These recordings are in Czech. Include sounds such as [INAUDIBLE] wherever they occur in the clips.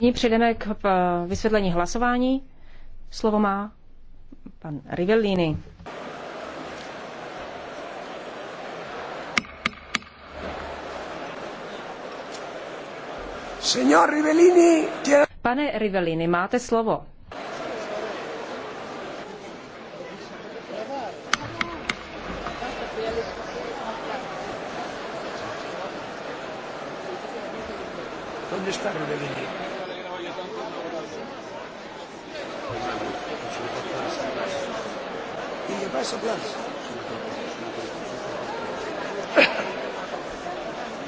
Nyní přejdeme k eh, vysvětlení hlasování. Slovo má pan Rivellini. Pane Rivellini, máte slovo. contestarlo de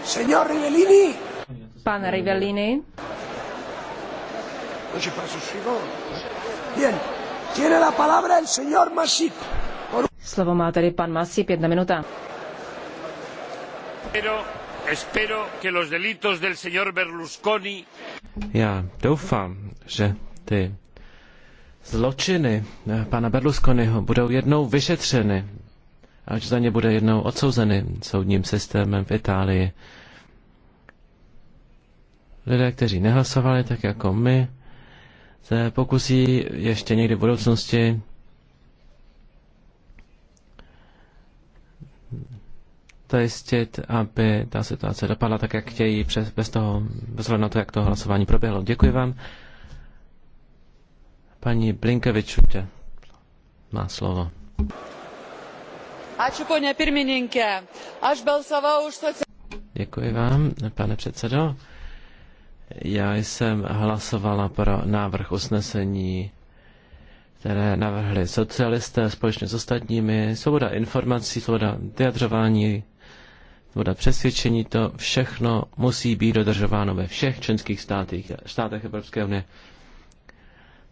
Señor Rivellini. Pan Rivellini. Bien. Tiene la palabra el señor Masip. Slovo má tedy pan Masip, jedna minuta. Pero Espero que los delitos del señor Berlusconi... Já doufám, že ty zločiny eh, pana Berlusconiho budou jednou vyšetřeny, až za ně bude jednou odsouzeny soudním systémem v Itálii. Lidé, kteří nehlasovali, tak jako my, se pokusí ještě někdy v budoucnosti zajistit, aby ta situace dopadla tak, jak chtějí, přes, bez toho, bez na to, jak to hlasování proběhlo. Děkuji vám. Paní Blinkevičutě má slovo. Ačiū, poně pirmininkė. Aš balsavau už Děkuji vám, pane předsedo. Já jsem hlasovala pro návrh usnesení které navrhli socialisté společně s ostatními, svoboda informací, svoboda vyjadřování, Voda přesvědčení, to všechno musí být dodržováno ve všech členských státech, státech Evropské unie.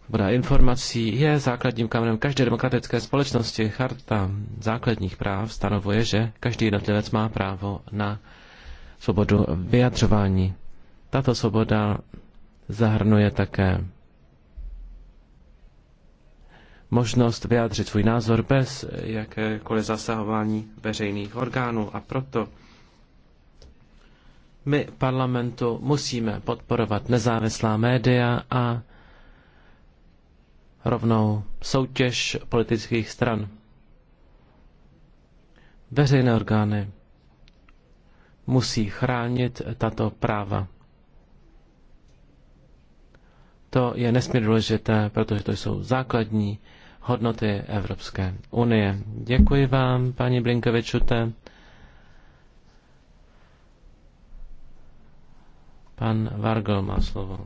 Voda informací je základním kamenem každé demokratické společnosti. Charta základních práv stanovuje, že každý jednotlivec má právo na svobodu vyjadřování. Tato svoboda zahrnuje také možnost vyjádřit svůj názor bez jakékoliv zasahování veřejných orgánů a proto my parlamentu musíme podporovat nezávislá média a rovnou soutěž politických stran. Veřejné orgány musí chránit tato práva. To je nesmírně důležité, protože to jsou základní hodnoty Evropské unie. Děkuji vám, paní Blinkovičute. Pan Vargel má slovo.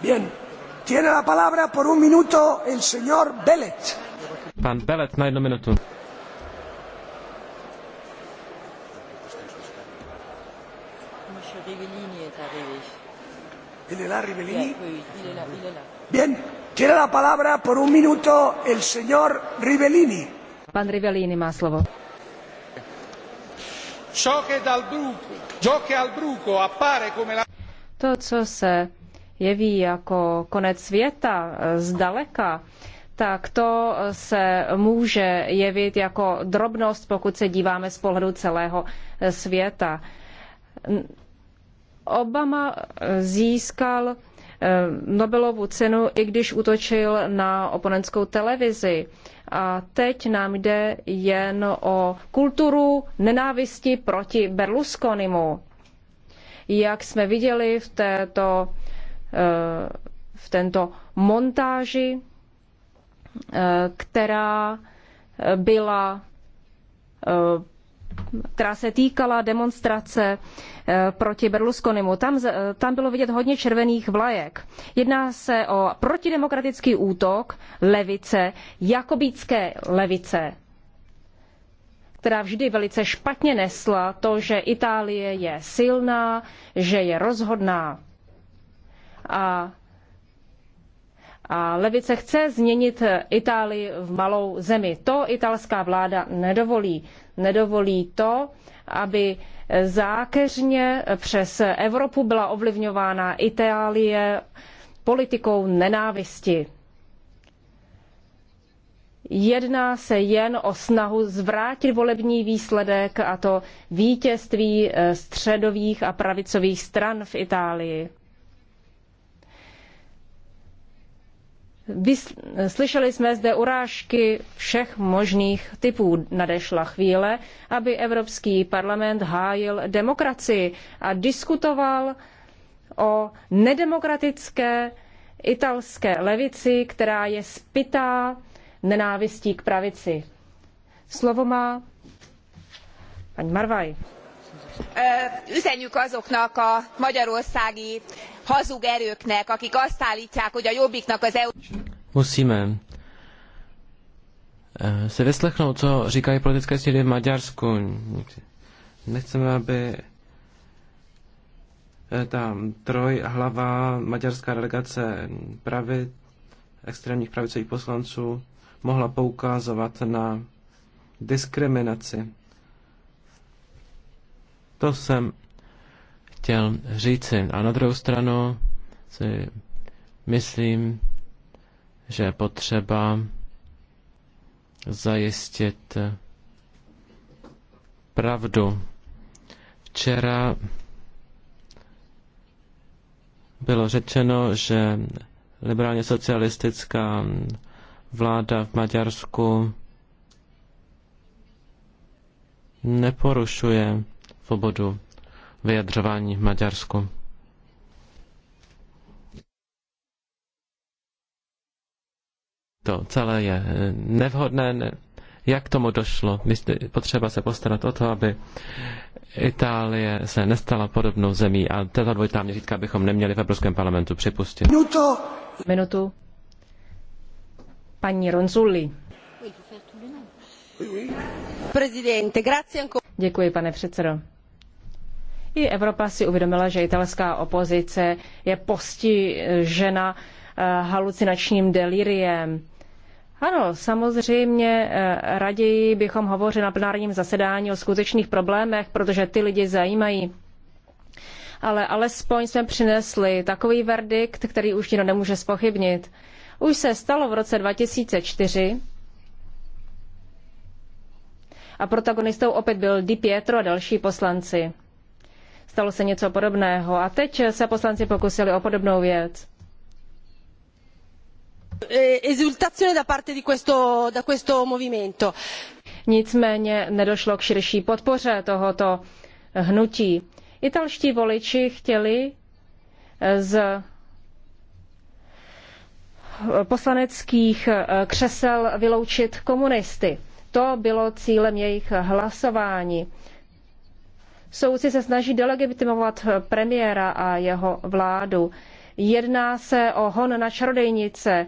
Bien. Tiene la palabra por un minuto el señor Bellet. Pan Bellet na jednu minutu. Monsieur Rivellini est arrivé. Il est là, Rivellini? Oui, il est là, il est là. Bien. Tiene la palabra por un minuto el señor Rivellini. Pan Rivellini má slovo to, co se jeví jako konec světa eh, zdaleka, tak to eh, se může jevit jako drobnost, pokud se díváme z pohledu celého eh, světa. Obama získal Eh, Nobelovu cenu, i když útočil na oponentskou televizi. A teď nám jde jen o kulturu nenávisti proti Berlusconimu. Jak jsme viděli v, této, eh, v tento montáži, eh, která byla která se týkala demonstrace eh, proti Berlusconimu. Tam, eh, tam bylo vidět hodně červených vlajek. Jedná se o protidemokratický útok levice, jakobítské levice, která vždy velice špatně nesla to, že Itálie je silná, že je rozhodná. A, a levice chce změnit Itálii v malou zemi. To italská vláda nedovolí nedovolí to, aby zákeřně přes Evropu byla ovlivňována Itálie politikou nenávisti. Jedná se jen o snahu zvrátit volební výsledek a to vítězství eh, středových a pravicových stran v Itálii. Slyšeli jsme zde urážky všech možných typů. Nadešla chvíle, aby Evropský parlament hájil demokracii a diskutoval o nedemokratické italské levici, která je spitá nenávistí k pravici. Slovo má paní Marvaj üzenjük azoknak a magyarországi hazug erőknek akik azt álltják hogy a jobbiknak az eu. musíme eh, se vyslechnout, co říkají politické síly v Maďarsku. Nechceme, aby eh, ta trojhlava maďarská delegace pravi, extrémních pravicových poslanců mohla poukázovat na diskriminaci to jsem chtěl říci. A na druhou stranu si myslím, že je potřeba zajistit pravdu. Včera bylo řečeno, že liberálně socialistická vláda v Maďarsku neporušuje svobodu vyjadřování v Maďarsku. To celé je eh, nevhodné. Jak tomu došlo? Potřeba se postarat o to, aby Itálie se nestala podobnou zemí a tato dvojitá měřítka bychom neměli v Evropském parlamentu připustit. Minuto. Minutu. Paní Ronzulli. Děkuji, pane předsedo. I Evropa si uvědomila, že italská opozice je postižena eh, halucinačním deliriem. Ano, samozřejmě eh, raději bychom hovořili na plenárním zasedání o skutečných problémech, protože ty lidi zajímají. Ale alespoň jsme přinesli takový verdikt, který už nikdo nemůže spochybnit. Už se stalo v roce 2004 a protagonistou opět byl Di Pietro a další poslanci stalo se něco podobného. A teď se poslanci pokusili o podobnou věc. E, esultazione da parte di questo, da questo movimento. Nicméně nedošlo k širší podpoře tohoto hnutí. Italští voliči chtěli e, z poslaneckých e, křesel vyloučit komunisty. To bylo cílem jejich hlasování. Soudci se snaží delegitimovat premiéra a jeho vládu. Jedná se o hon na čarodejnice.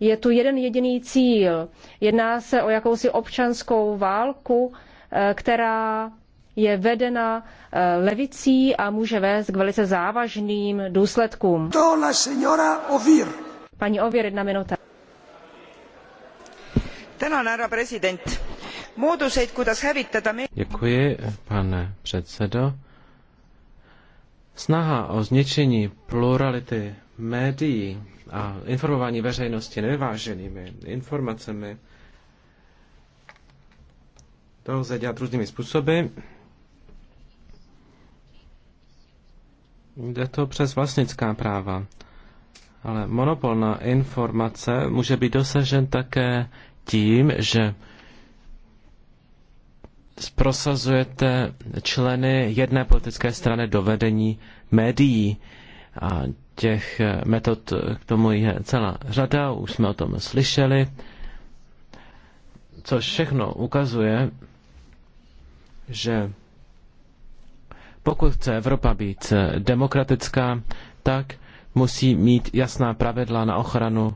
Je tu jeden jediný cíl. Jedná se o jakousi občanskou válku, eh, která je vedena eh, levicí a může vést k velice závažným důsledkům. To la señora Ovir. Paní Ovir, jedna minuta. Tänan, härra president mooduseid, kuidas hävitada Děkuji, pane předsedo. Snaha o zničení plurality médií a informování veřejnosti nevyváženými informacemi to lze dělat různými způsoby. Jde to přes vlastnická práva. Ale monopol na informace může být dosažen také tím, že prosazujete členy jedné politické strany do vedení médií. A těch eh, metod k tomu je celá řada, už jsme o tom slyšeli, což všechno ukazuje, že pokud chce Evropa být eh, demokratická, tak musí mít jasná pravidla na ochranu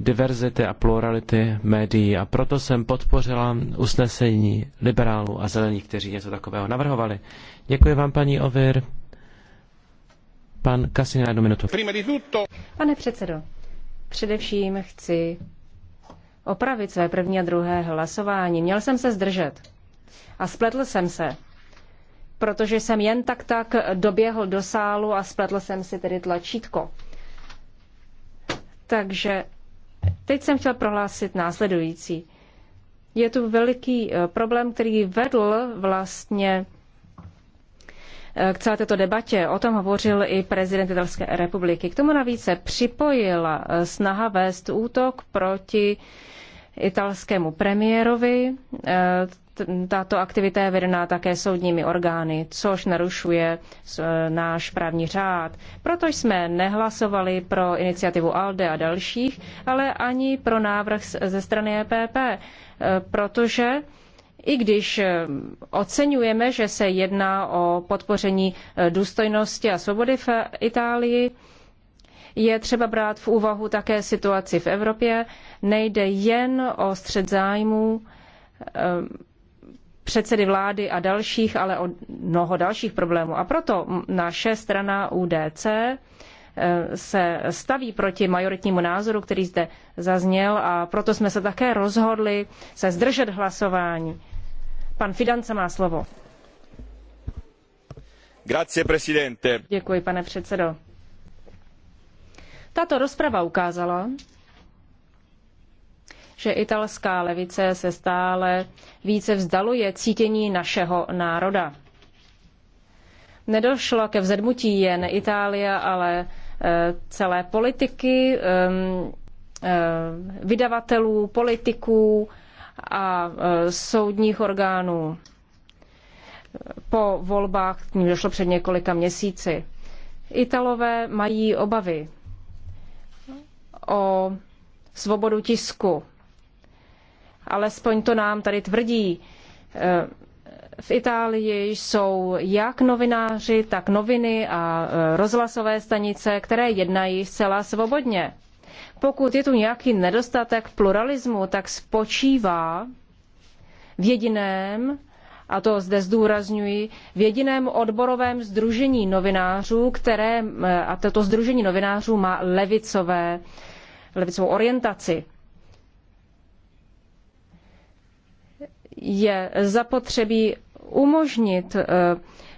diverzity a plurality médií a proto jsem podpořila usnesení liberálů a zelených, kteří něco takového navrhovali. Děkuji vám, paní Ovir. Pan Kasin na jednu minutu. Pane předsedo, především chci opravit své první a druhé hlasování. Měl jsem se zdržet a spletl jsem se, protože jsem jen tak tak doběhl do sálu a spletl jsem si tedy tlačítko. Takže Teď jsem chtěl prohlásit následující. Je tu veliký eh, problém, který vedl vlastně eh, k celé této debatě. O tom hovořil i prezident Italské republiky. K tomu navíc se připojila eh, snaha vést útok proti italskému premiérovi tato aktivita je vedená také soudními orgány, což narušuje e, náš právní řád. Proto jsme nehlasovali pro iniciativu ALDE a dalších, ale ani pro návrh ze strany EPP, e, protože i když e, oceňujeme, že se jedná o podpoření důstojnosti a svobody v Itálii, je třeba brát v úvahu také situaci v Evropě. Nejde jen o střed zájmů, předsedy vlády a dalších, ale o mnoho dalších problémů. A proto naše strana UDC eh, se staví proti majoritnímu názoru, který zde zazněl a proto jsme se také rozhodli se zdržet hlasování. Pan Fidanca má slovo. Grazie, presidente. Děkuji, pane předsedo. Tato rozprava ukázala, že italská levice se stále více vzdaluje cítění našeho národa. Nedošlo ke vzedmutí jen Itálie, ale e, celé politiky, e, vydavatelů, politiků a e, soudních orgánů po volbách, k ním došlo před několika měsíci. Italové mají obavy o svobodu tisku, Alespoň to nám tady tvrdí. Eh, v Itálii jsou jak novináři, tak noviny a eh, rozhlasové stanice, které jednají zcela svobodně. Pokud je tu nějaký nedostatek pluralismu, tak spočívá v jediném, a to zde zdůrazňuji, v jediném odborovém združení novinářů, které, eh, a toto združení novinářů má levicové, levicovou orientaci. je zapotřebí umožnit eh,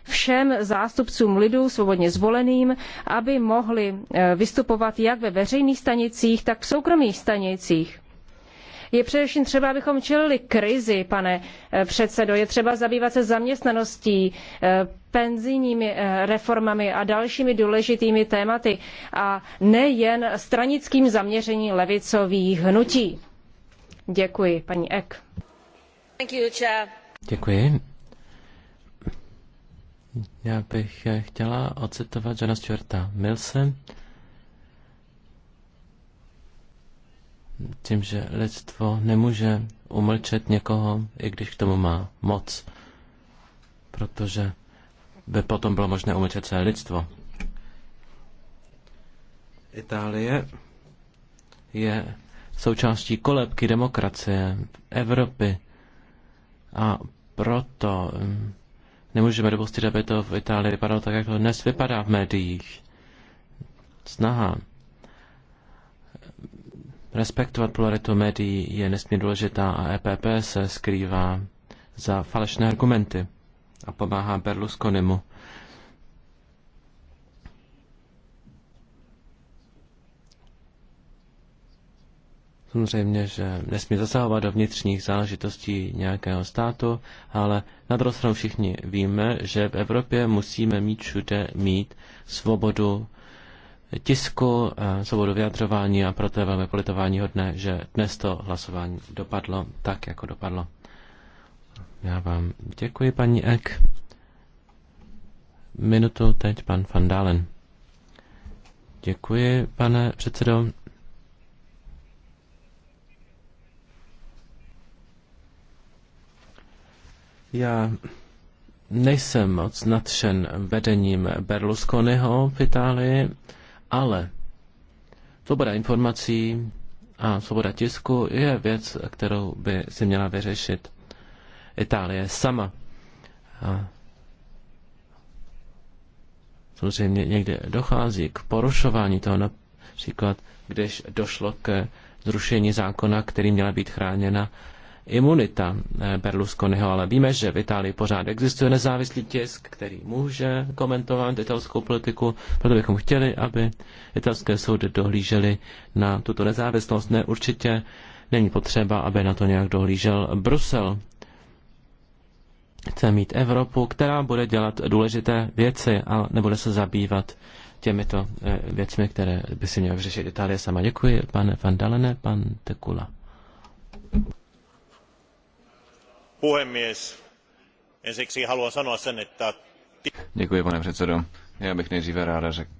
všem zástupcům lidu svobodně zvoleným, aby mohli eh, vystupovat jak ve veřejných stanicích, tak v soukromých stanicích. Je především třeba, abychom čelili krizi, pane eh, předsedo. Je třeba zabývat se zaměstnaností, penzijními reformami a dalšími důležitými tématy a nejen stranickým zaměřením levicových hnutí. Děkuji, paní Ek. Já bych chtěla ocitovat Johna Stuarta Milse. tím, že lidstvo nemůže umlčet někoho, i když k tomu má moc, protože by potom bylo možné umlčet celé lidstvo. Itálie je součástí kolebky demokracie Evropy. A proto hm, nemůžeme dopustit, aby to v Itálii vypadalo tak, jak to dnes vypadá v médiích. Snaha respektovat pluralitu médií je nesmírně důležitá a EPP se skrývá za falešné argumenty a pomáhá Berlusconimu. Samozřejmě, že nesmí zasahovat do vnitřních záležitostí nějakého státu, ale na druhou stranu všichni víme, že v Evropě musíme mít všude mít svobodu tisku, eh, svobodu vyjadřování a proto je velmi politování hodné, že dnes to hlasování dopadlo tak, jako dopadlo. Já vám děkuji, paní Ek. Minutu teď pan Van Dalen. Děkuji, pane předsedo. Já nejsem moc nadšen vedením Berlusconiho v Itálii, ale svoboda informací a svoboda tisku je věc, kterou by si měla vyřešit Itálie sama. A samozřejmě někde dochází k porušování toho, například když došlo ke zrušení zákona, který měla být chráněna imunita eh, Berlusconiho, ale víme, že v Itálii pořád existuje nezávislý tisk, který může komentovat italskou politiku, proto bychom chtěli, aby italské soudy dohlížely na tuto nezávislost. Ne, určitě není potřeba, aby na to nějak dohlížel Brusel. Chce mít Evropu, která bude dělat důležité věci a nebude se zabývat těmito eh, věcmi, které by si měla vyřešit Itálie sama. Děkuji, pane Van Dalene, pan Tekula puhemies ensiksi haluan sanoa sen että. Děkuji, pane předsedo. Já bych nejdříve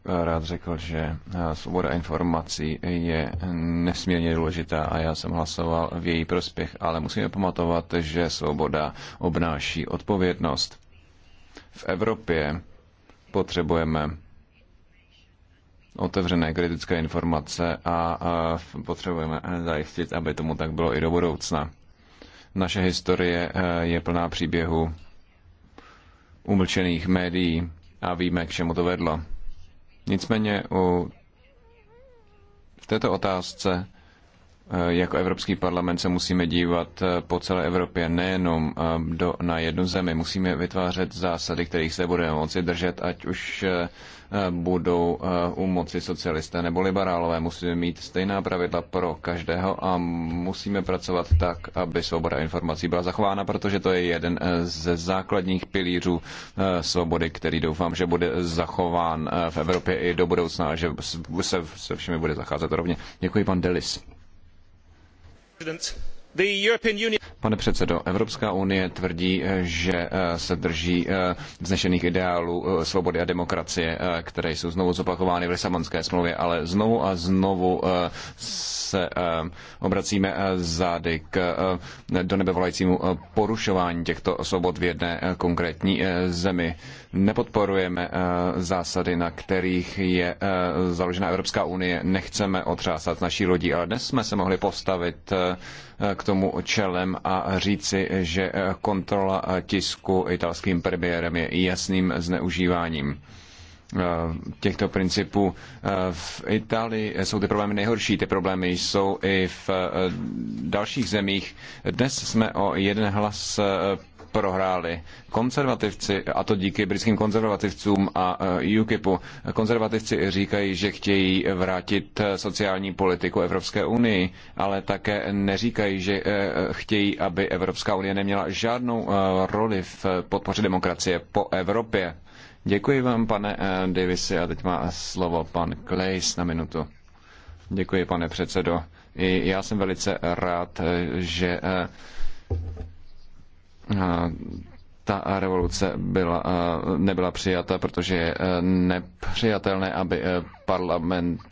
rád řekl, že eh, svoboda informací je nesmírně důležitá a já jsem hlasoval v její prospěch, ale musíme pamatovat, že svoboda obnáší odpovědnost. V Evropě potřebujeme otevřené kritické informace a, a potřebujeme zajistit, aby tomu tak bylo i do budoucna. Naše historie eh, je plná příběhů umlčených médií a víme, k čemu to vedlo. Nicméně u v této otázce Eh, jako Evropský parlament se musíme dívat eh, po celé Evropě, nejenom eh, do, na jednu zemi. Musíme vytvářet zásady, kterých se budeme moci držet, ať už budou u moci socialisté nebo liberálové. Musíme mít stejná pravidla pro každého a musíme pracovat tak, aby svoboda informací byla zachována, protože to je jeden ze základních pilířů svobody, který doufám, že bude zachován v Evropě i do budoucna a že se, se všemi bude zacházet rovně. Děkuji, pan Delis president Pane předsedo, Evropská unie tvrdí, eh, že eh, se drží eh, vznešených ideálů svobody a demokracie, které jsou znovu zopakovány v Lisabonské smlouvě, ale znovu a znovu se obracíme zády k do nebe volajícímu porušování těchto svobod v jedné konkrétní zemi. Nepodporujeme zásady, na kterých je založena Evropská unie. Nechceme otřásat naší lodí, ale dnes jsme se mohli postavit Eh, k tomu čelem a říci, že eh, kontrola eh, tisku italským premiérem je jasným zneužíváním těchto principů. V Itálii jsou ty problémy nejhorší, ty problémy jsou i v dalších zemích. Dnes jsme o jeden hlas prohráli. Konzervativci, a to díky britským konzervativcům a eh, UKIPu, konzervativci říkají, že chtějí vrátit eh, sociální politiku Evropské unii, ale také neříkají, že eh, chtějí, aby Evropská unie neměla žádnou roli v podpoře demokracie po Evropě. Děkuji vám, pane Davisi, a teď má slovo pan Klejs na minutu. Děkuji, pane předsedo. I já jsem velice rád, že Eh, ta revoluce byla, eh, nebyla přijata, protože je eh, nepřijatelné, aby parlament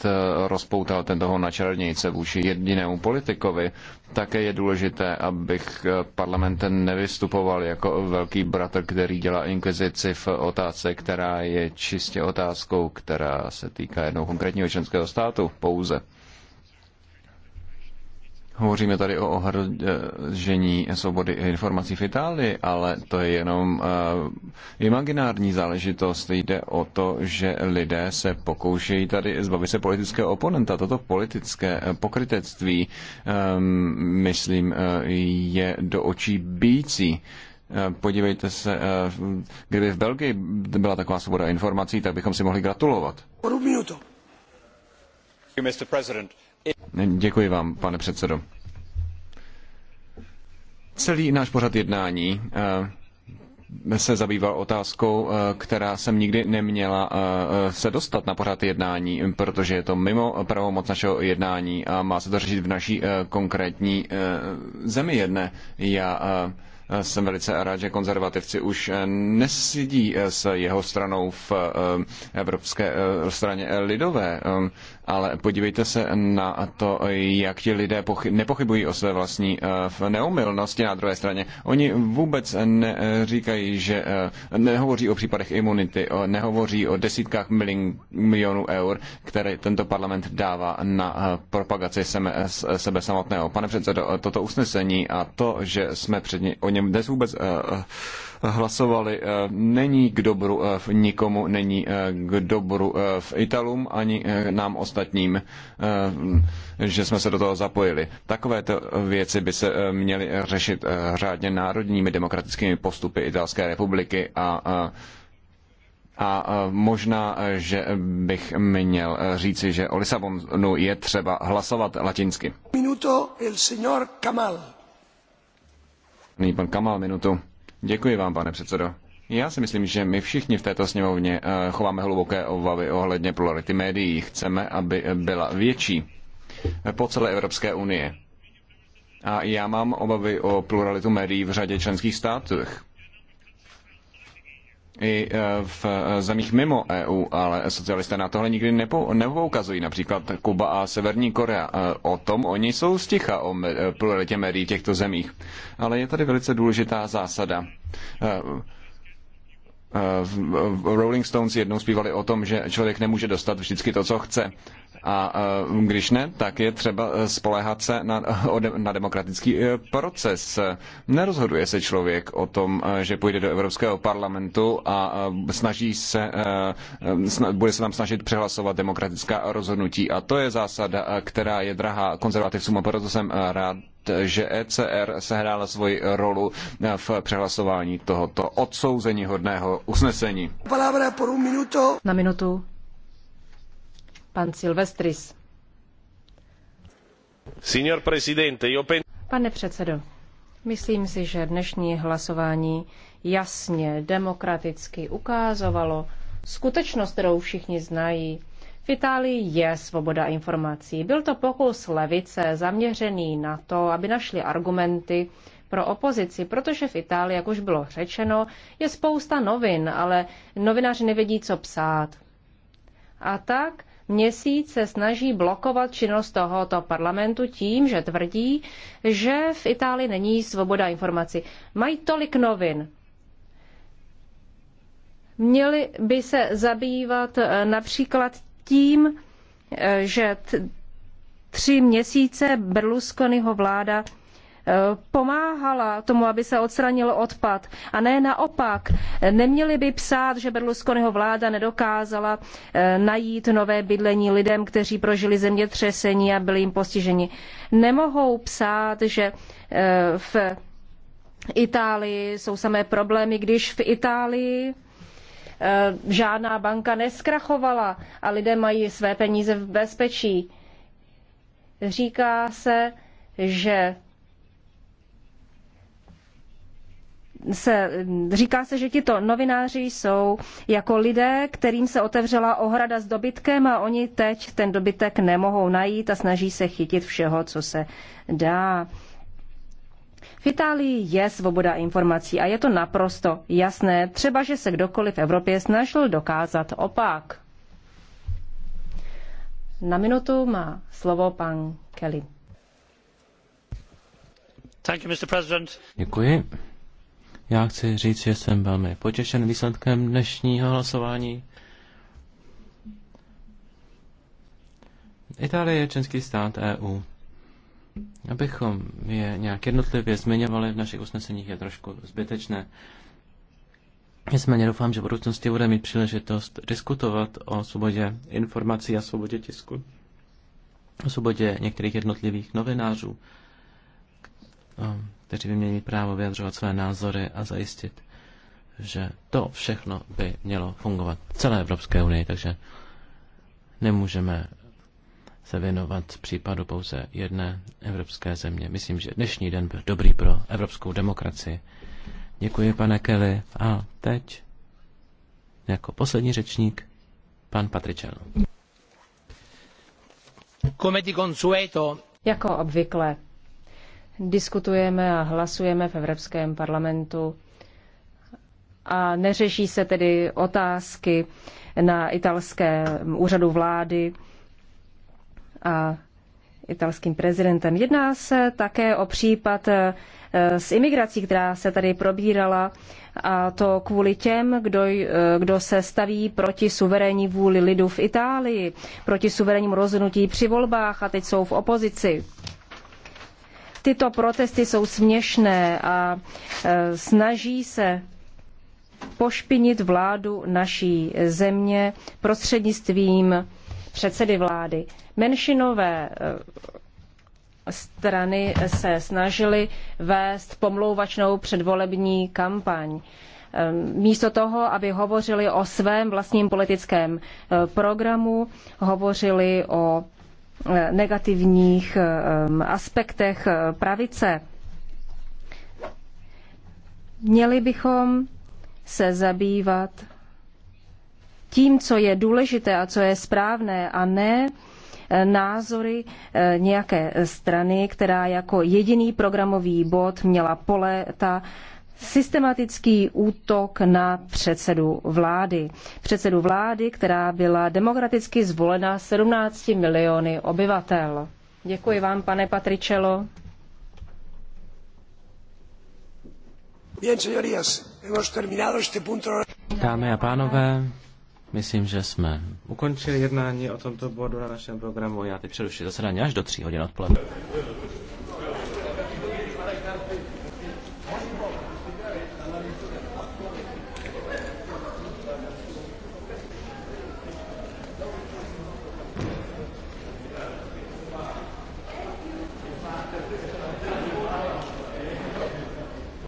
rozpoutal tento na čarodějnice vůči jedinému politikovi. Také je důležité, abych parlament nevystupoval jako velký bratr, který dělá inkvizici v otázce, která je čistě otázkou, která se týká jednoho konkrétního členského státu pouze. Hovoříme tady o ohrožení svobody informací v Itálii, ale to je jenom eh, imaginární záležitost. Jde o to, že lidé se pokoušejí tady zbavit se politického oponenta. Toto politické eh, pokrytectví, ehm, myslím, eh, je do očí bící. Podívejte se, kdyby v Belgii byla taková svoboda informací, tak bychom si mohli gratulovat. Mr. President. Děkuji vám, pane předsedo. Celý náš pořad jednání eh, se zabýval otázkou, eh, která jsem nikdy neměla eh, se dostat na pořad jednání, protože je to mimo pravomoc našeho jednání a má se to řešit v naší konkrétní zemi jedné. Já Eh, jsem velice rád, že konzervativci už eh, nesedí eh, s jeho stranou v Evropské straně lidové, ale podívejte se na to, jak ti lidé nepochybují o své vlastní neumilnosti na druhé straně. Oni vůbec neříkají, že nehovoří o případech imunity, nehovoří o desítkách milionů eur, které tento parlament dává na propagaci sebe samotného. Pane předsedo, toto usnesení a to, že jsme před ně, o něm dnes vůbec eh, eh, hlasovali, eh, není k dobru v nikomu, není k dobru v Italům ani nám ostatním, že jsme se do toho zapojili. Takovéto věci by se měly řešit řádně národními demokratickými postupy Italské republiky a a možná, že bych měl říci, že o Lisabonu je třeba hlasovat latinsky. Minuto el señor Kamal. Nyní pan Kamal, minutu. Děkuji vám, pane předsedo. Já si myslím, že my všichni v této sněmovně eh, chováme hluboké obavy ohledně plurality médií. Chceme, aby byla větší po celé Evropské unie. A já mám obavy o pluralitu médií v řadě členských států i e, v zemích mimo EU, ale socialisté na tohle nikdy nepou, nepoukazují. Například Kuba a Severní Korea. E, o tom oni jsou sticha o e, pluralitě médií v těchto zemích. Ale je tady velice důležitá zásada. Rolling Stones jednou zpívali o tom, že člověk nemůže dostat vždycky to, co chce. A e, když ne, tak je třeba e, spoléhat se na, [LAUGHS] na demokratický e, proces. Nerozhoduje se člověk o tom, že půjde do Evropského parlamentu a snaží se, bude se tam snažit přehlasovat demokratická rozhodnutí. A to je zásada, která je drahá konzervativcům a proto jsem rád, že ECR sehrála svoji rolu v přehlasování tohoto odsouzení hodného usnesení. Na minutu pan Silvestris. Signor presidente, io pen... Pane předsedo, myslím si, že dnešní hlasování jasně demokraticky ukázalo skutečnost, kterou všichni znají. V Itálii je svoboda informací. Byl to pokus levice zaměřený na to, aby našli argumenty pro opozici, protože v Itálii, jak už bylo řečeno, je spousta novin, ale novináři nevědí, co psát. A tak měsíc se snaží blokovat činnost tohoto parlamentu tím, že tvrdí, že v Itálii není svoboda informací. Mají tolik novin. Měli by se zabývat eh, například tím, eh, že tři měsíce Berlusconiho vláda Eh, pomáhala tomu, aby se odstranil odpad. A ne naopak, neměli by psát, že Berlusconiho vláda nedokázala eh, najít nové bydlení lidem, kteří prožili zemětřesení a byli jim postiženi. Nemohou psát, že eh, v Itálii jsou samé problémy, když v Itálii žádná banka neskrachovala a lidé mají své peníze v bezpečí. Říká se, že se, říká se, že tito novináři jsou jako lidé, kterým se otevřela ohrada s dobytkem a oni teď ten dobytek nemohou najít a snaží se chytit všeho, co se dá. V Itálii je svoboda informací a je to naprosto jasné, třeba že se kdokoliv v Evropě snažil dokázat opak. Na minutu má slovo pan Kelly. Thank you, Mr. President. Děkuji. Já chci říct, že jsem velmi potěšen výsledkem dnešního hlasování. Itálie je členský stát EU. Abychom je nějak jednotlivě zmiňovali v našich usneseních je trošku zbytečné. Nicméně doufám, že v budoucnosti bude mít příležitost diskutovat o svobodě informací a svobodě tisku, o svobodě některých jednotlivých novinářů, kteří by měli právo vyjadřovat své názory a zajistit, že to všechno by mělo fungovat v celé Evropské unii, takže nemůžeme se věnovat případu pouze jedné evropské země. Myslím, že dnešní den byl dobrý pro evropskou demokracii. Děkuji, pane Kelly. A teď jako poslední řečník pan Patričel. Jako obvykle diskutujeme a hlasujeme v Evropském parlamentu. A neřeší se tedy otázky na italském úřadu vlády a italským prezidentem. Jedná se také o případ eh, s imigrací, která se tady probírala, a to kvůli těm, kdo, eh, kdo se staví proti suverénní vůli lidu v Itálii, proti suverénním rozhodnutí při volbách a teď jsou v opozici tyto protesty jsou směšné a e, snaží se pošpinit vládu naší země prostřednictvím předsedy vlády. Menšinové e, strany se snažily vést pomlouvačnou předvolební kampaň. E, místo toho, aby hovořili o svém vlastním politickém programu, hovořili o Eh, negativních eh, aspektech eh, pravice. Měli bychom se zabývat tím, co je důležité a co je správné, a ne názory nějaké strany, která jako jediný programový bod měla po léta systematický útok na předsedu vlády. Předsedu vlády, která byla demokraticky zvolena 17 miliony obyvatel. Děkuji vám, pane Patričelo. Dámy a pánové, myslím, že jsme ukončili jednání o tomto bodu na našem programu. Já teď přeruším zasedání až do 3 hodin odpoledne.